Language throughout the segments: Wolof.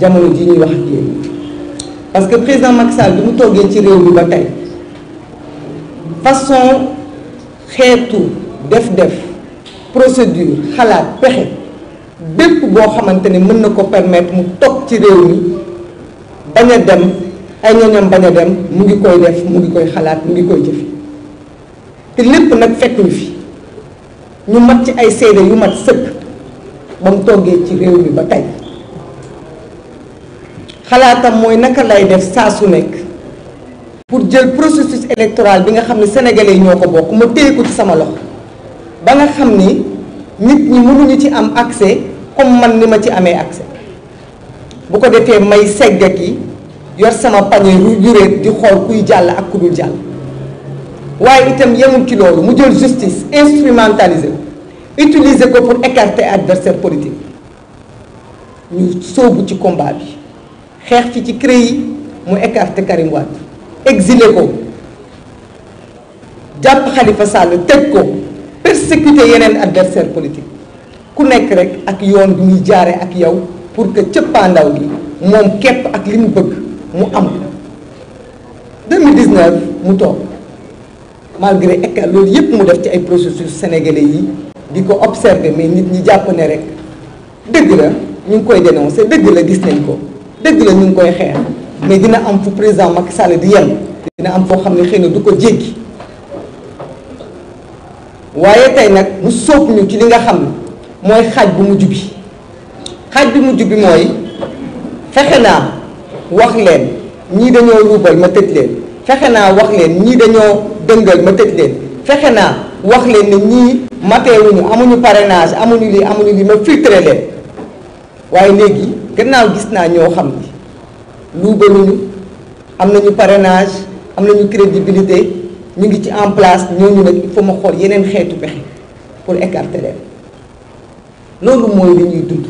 jamono ji ñuy wax ak yéen parce que président Macky Sall bi mu toggee ci réew mi ba tey façon xeetu def-def procédure xalaat pexe bépp boo xamante ne mën na ko permettre mu toog ci réew mi bañ a dem ay ñoñam bañ a dem mu ngi koy def mu ngi koy xalaat mu ngi koy jëf te lépp nag fekk ñu fi ñu mat ci ay seede yu mat sëkk ba mu toggee ci réew mi ba tey xalaatam mooy naka lay def saa su nekk pour jël processus électoral bi nga xam ne sénégalais ñoo ko bokk ma téye ko ci sama loxo ba nga xam ni nit ñi mënuñu ci am accès comme man ni ma ci amee accès bu ko defee may segg yi yor sama pañe yuréet di xool kuy jàll ak ku dul jàll waaye itam yemul ci loolu mu jël justice instrumentaliser ko utiliser ko pour écarter adversaire politique ñu sóobu ci combat bi xeex ci ci CREI mu écarté Karim Wade exilé ko jàpp Khalifa Sall teg ko persécuté yeneen adversaire politique ku nekk rek ak yoon bi muy jaare ak yow pour que cëppaandaw gi moom képp ak li mu bëgg mu am 2019 mu toog malgré écart loolu yëpp mu def ci ay processus sénégalais yi di ko observer mais nit ñi jàpp ne rek dëgg la ñu ngi koy dénoncé dëgg la gis nañ ko dëgg la ñu ngi koy xeex mais dina am fu président Macky Sall di yem dina am foo xam ne xëy na du ko jéggi waaye tey nag mu sóob ñu ci li nga xam ne mooy xaaj bu mu bi xaaj bi mu bi mooy fexe naa wax leen ñii dañoo ruubal ma tëj leen fexe naa wax leen ñii dañoo dëngal ma tëj leen fexe naa wax leen ne ñii mateewuñu amuñu parrainage amuñu lii amuñu lii ma filtré leen waaye léegi gannaaw gis naa ñoo xam ni luubaluñu am na ñu parenage am nañu crédibilité ñu ngi ci en place ñooñu nag il ma xool yeneen xeetu pexe pour écarter leen loolu mooy li ñuy dund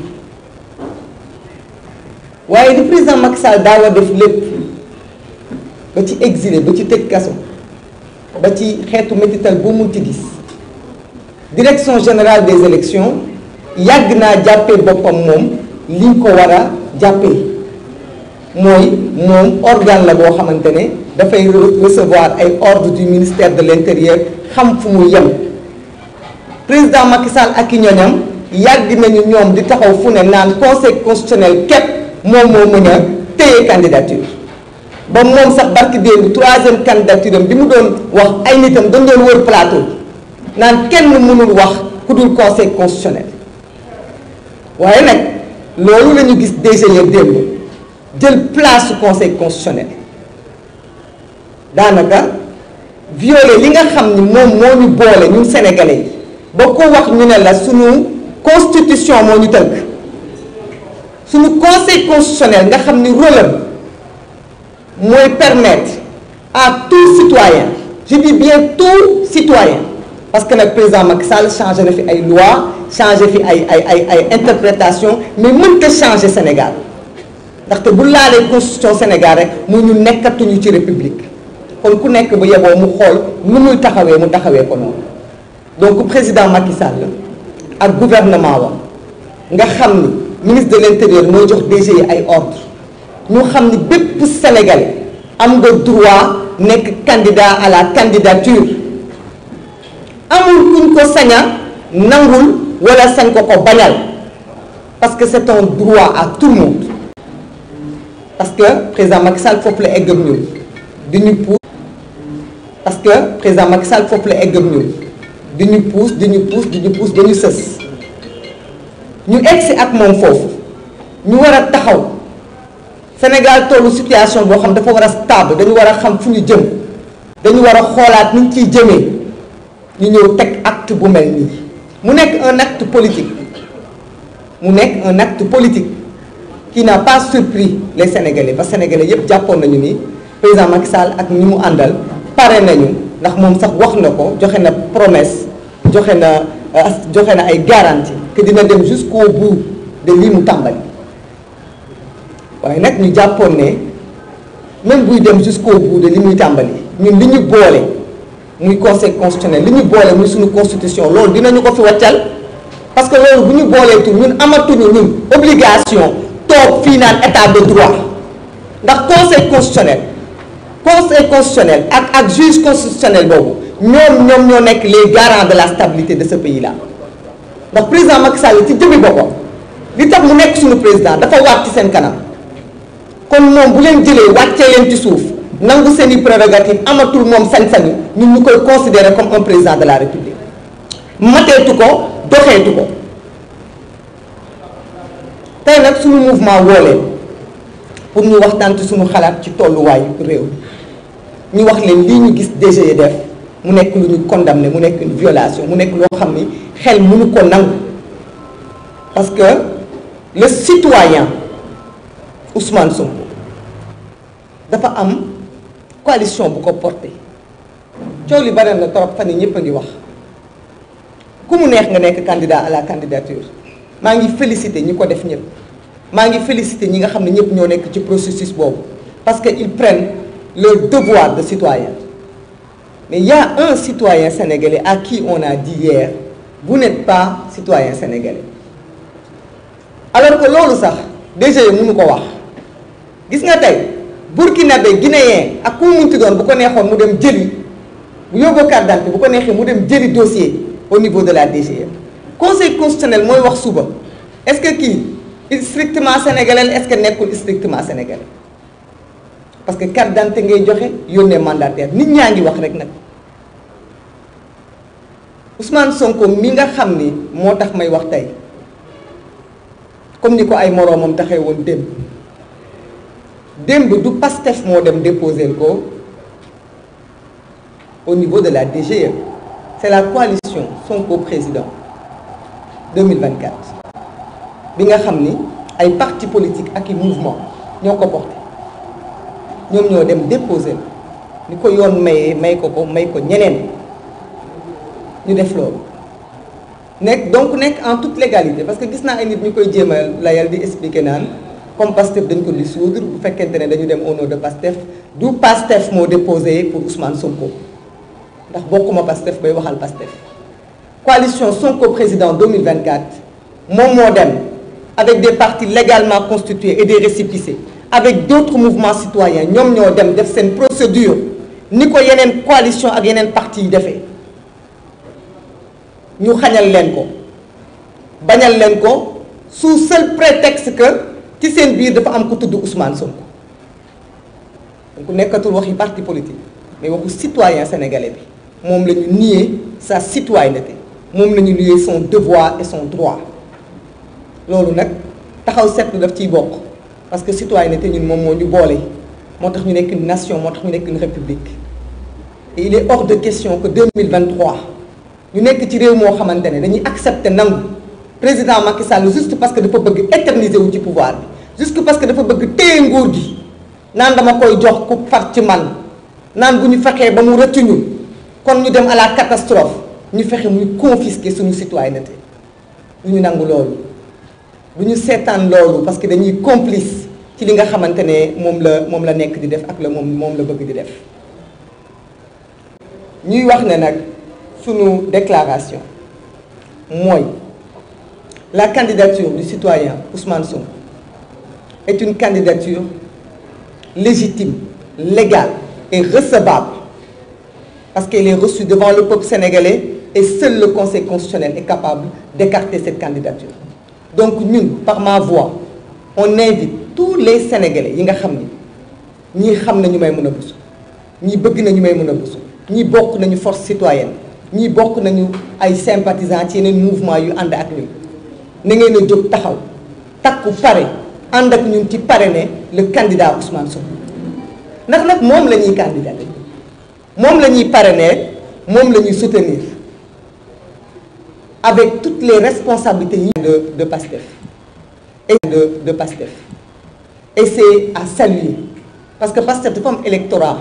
waaye li président Macky Sall daawa def lépp ba ci exilé ba ci tëj kaso ba ci xeetu métital bu mu ci gis direction général des élections yàgg naa jàppee boppam moom liñ ko war a jàppee mooy moom organe la boo xamante ne dafay recevoir ay ordre du ministère de l'intérieur xam fu mu yem président Macky Sall ak i ñoñam yàgg nañu ñoom di taxaw fu ne naan conseil constitutionnel képp moom moo mën a téye candidature ba moom sax barki démb troisième candidature am bi mu doon wax ay nitam dañ doon wër plateau naan kenn mënul wax ku dul conseil constitutionnel waaye nag loolu la ñu gis déjeuner démb jël place su conseil constitutionnel daanaka violé li nga xam ni moom moo ñu boole ñun sénégalais yi ba ko wax ñu ne la suñu constitution moo ñu tënk suñu conseil constitutionnel nga xam ni rôle am mooy permettre à tout citoyen je dis bien tout citoyen parce que nag président Macky Sall changé na fi ay loi changé fi ay ay ay ay interprétation mais mënta changé Sénégal ndaxte bu laalee constitution Sénégal rek mu ñu nekkatuñu ci république kon ku nekk bu yeboo mu xool nu muy taxawee mu taxawee ko noonu donc président Macky Sall ak gouvernement wa nga xam ni ministre de l'intérieur mooy jox DG yi ay ordre ñu xam ni bépp Sénégalais am nga droit nekk candidat à la candidature amul kuñ ko sañ a nangul wala sañ ko ko bañal parce que c'est un droit ak tout le parce que président mag Sall foofu la egg ak ñun di ñu pousse parce que président Macky Sall foofu la egg ak ñun di ñu pousse di ñu pousse di ñu sës ñu egg si ak moom foofu ñu war a taxaw Sénégal tollu situation boo xam dafa war a stable dañu war a xam fu ñu jëm dañu war a xoolaat ni ñu ciy jëmee. ñu ñëw teg acte bu mel nii mu nekk un acte politique mu nekk un acte politique qui n'a pas surpris les sénégalais ba sénégalais yëpp jàppoon nañu ni président Macky Sall ak ñi mu àndal pare nañu ndax moom sax wax na ko joxe na promesse joxe na euh, joxe na ay garantie que dina dem jusqu'au bout de lii mu tàmbali waaye nag ñu jàppoon ne même buy dem jusqu'au bout de li muy tàmbali ñun li ñu boole. muy conseil constitutionnel li ñu boole muy suñu constitution loolu dinañu ko fi wàccal parce que loolu bu ñu booleetu ñun amatuñu ñun obligation toog fii naan état de droit ndax conseil constitutionnel conseil constitutionnel ak ak juge constitutionnel boobu ñoom ñoom ñoo nekk les garants de la stabilité de ce pays là ndax président Macky Sall ci jëmmi ko li tax mu nekk suñu président dafa waat ci seen kanam kon moom bu leen jëlee wàccee leen ci suuf. nangu seen i prérogative amatul moom sañ-sañu ñun ñu koy considérer comme un président de la république mateetu ko doxeetu ko tey nag suñu mouvement woolee pour ñu waxtaan ci suñu xalaat ci tolluwaayu réew ñu wax leen lii ñu gis DG e def mu nekk lu ñu condamné mu nekk une violation mu nekk loo xam ni xel mënu ko nangu parce que le citoyen Ousmane Sonko dafa am coalition bu ko porté coow li bare na trop fan yi ñëpp a ngi wax ku mu neex nga nekk candidat à la candidature maa ngi félicité ñi ko def ñëpp maa ngi félicité ñi nga xam ne ñëpp ñoo nekk ci processus boobu parce que ils prennent leur devoir de citoyen mais ya y a un citoyen sénégalais à qui on a dit hier vous pas citoyen sénégalais alors que loolu sax déjà e mënu ko wax gis nga tey burkinabé guinéen ak ku munti doon bu ko neexoon mu dem jëri bu yóbboo carte d'identité bu ko neexee mu dem jëli dossier au niveau de la DGE conseil constitutionnel mooy wax suba est-ce que kii strictement sénégalais est-ce que nekkul strictement sénégalais parce que carte d'identité ngay joxe yónnee mandataire nit ñaa ngi wax rek nag Ousmane Sonko mi nga xam ni moo tax may wax tey comme ni ko ay moroomam taxee woon démb. démb du pastef moo dem déposer ko au niveau de la DGE c'est la coalition Sonko président 2024 bi nga xam ni ay partis politiques ak i mouvement ñoo ko porté ñoom ñoo dem déposer ni ko yoon mayee may ko ko may ko ñeneen ñu def loolu nekk donc nekk en toute légalité parce que gis naa ay nit ñu koy jéem a layal di expliquer naan comme PASTEF dañ ko dissoudre bu fekkente ne dañu dem au nom de PASTEF du PASTEF moo déposé pour Ousmane Sonko ndax bokkuma PASTEF bay waxal PASTEF coalition Sonko président 2024 moom moo dem avec des partis légalement constitués et des récépissés avec d'autres mouvements citoyens ñoom ñoo dem def seen procédure ni ko yeneen coalition ak yeneen parti yi defee ñu xañal leen ko bañal leen ko sous seul prétexte que ci seen biir dafa am ku tudd Ousmane Sonko donc nekkatul waxi parti politique mais waxu citoyen sénégalais bi moom la nii sa citoyenneté moom la ñu nier son devoir et son droit loolu nag taxaw seetlu daf ciy bokk parce que citoyenneté ñun moom moo ñu boole moo tax ñu nekk une nation moo tax ñu nekk une république et il est hors de question vingt trois ñu nekk ci réew moo xamante ne dañuy accepter nangu. président Macky Sall juste parce que dafa bëgg éterniser wu ci pouvoir bi juste parce que dafa bëgg téye nguur gi naan dama koy jox ku far ci man naan bu ñu fexee ba mu rëccu ñu kon ñu dem à la catastrophe ñu fexe muy confisquer suñu citoyenneté lu ñu nangu loolu lu ñu seetaan loolu parce que dañuy complice ci li nga xamante ne moom la moom la nekk di def ak la moom moom la bëgg di def ñuy wax ne nag suñu déclaration mooy La candidature du citoyen Ousmane Sonko est une candidature légitime, légale et recevable parce qu'elle est reçue devant le peuple sénégalais et seul le Conseil constitutionnel est capable d'écarter cette candidature. Donc ñun par ma voix on invite tous les Sénégalais yi nga xam ni ñii xam na ñu may nañu a Bousso ñii bëgg nañu a Bousso ñii bokk nañu force citoyenne ñii bokk nañu ay sympathisants ci yeneen mouvement yu ànd ak ñun ni ngeen a jóg taxaw takku pare ànd ak ñun ci pare ne le candidat Ousmane Sonko ndax nag moom la ñuy candidaté moom la ñuy parrainer moom la ñuy soutenir avec toutes les responsabilités yi de de Pastef et de de Pastef et c'est à saluer parce que Pastef dafa am électorat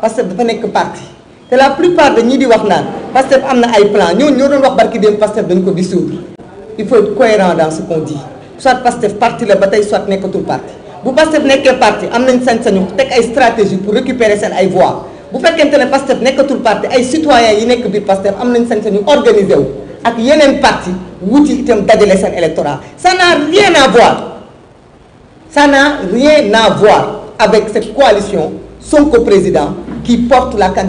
Pastef dafa nekk parti te la plupart de di wax naan Pastef am na ay plan ñooñu ñoo doon wax barki démb Pastef dañ ko dissoudre il faut être cohérent dans ce qu'on dit soit Pastef parti la ba tey soit nekkatul parti bu Pastef nekkee parti am nañ sañ-sañu teg ay stratégie pour récupérer seen ay voix bu fekkente ne Pastef nekkatul parti ay citoyens yi nekk biir Pastef am nañ sañ-sañu organiser wu ak yeneen parti wuti itam dajale seen électorat ça n'a rien à voir ça n'a rien à voir avec cette coalition Sonko président qui porte la candidature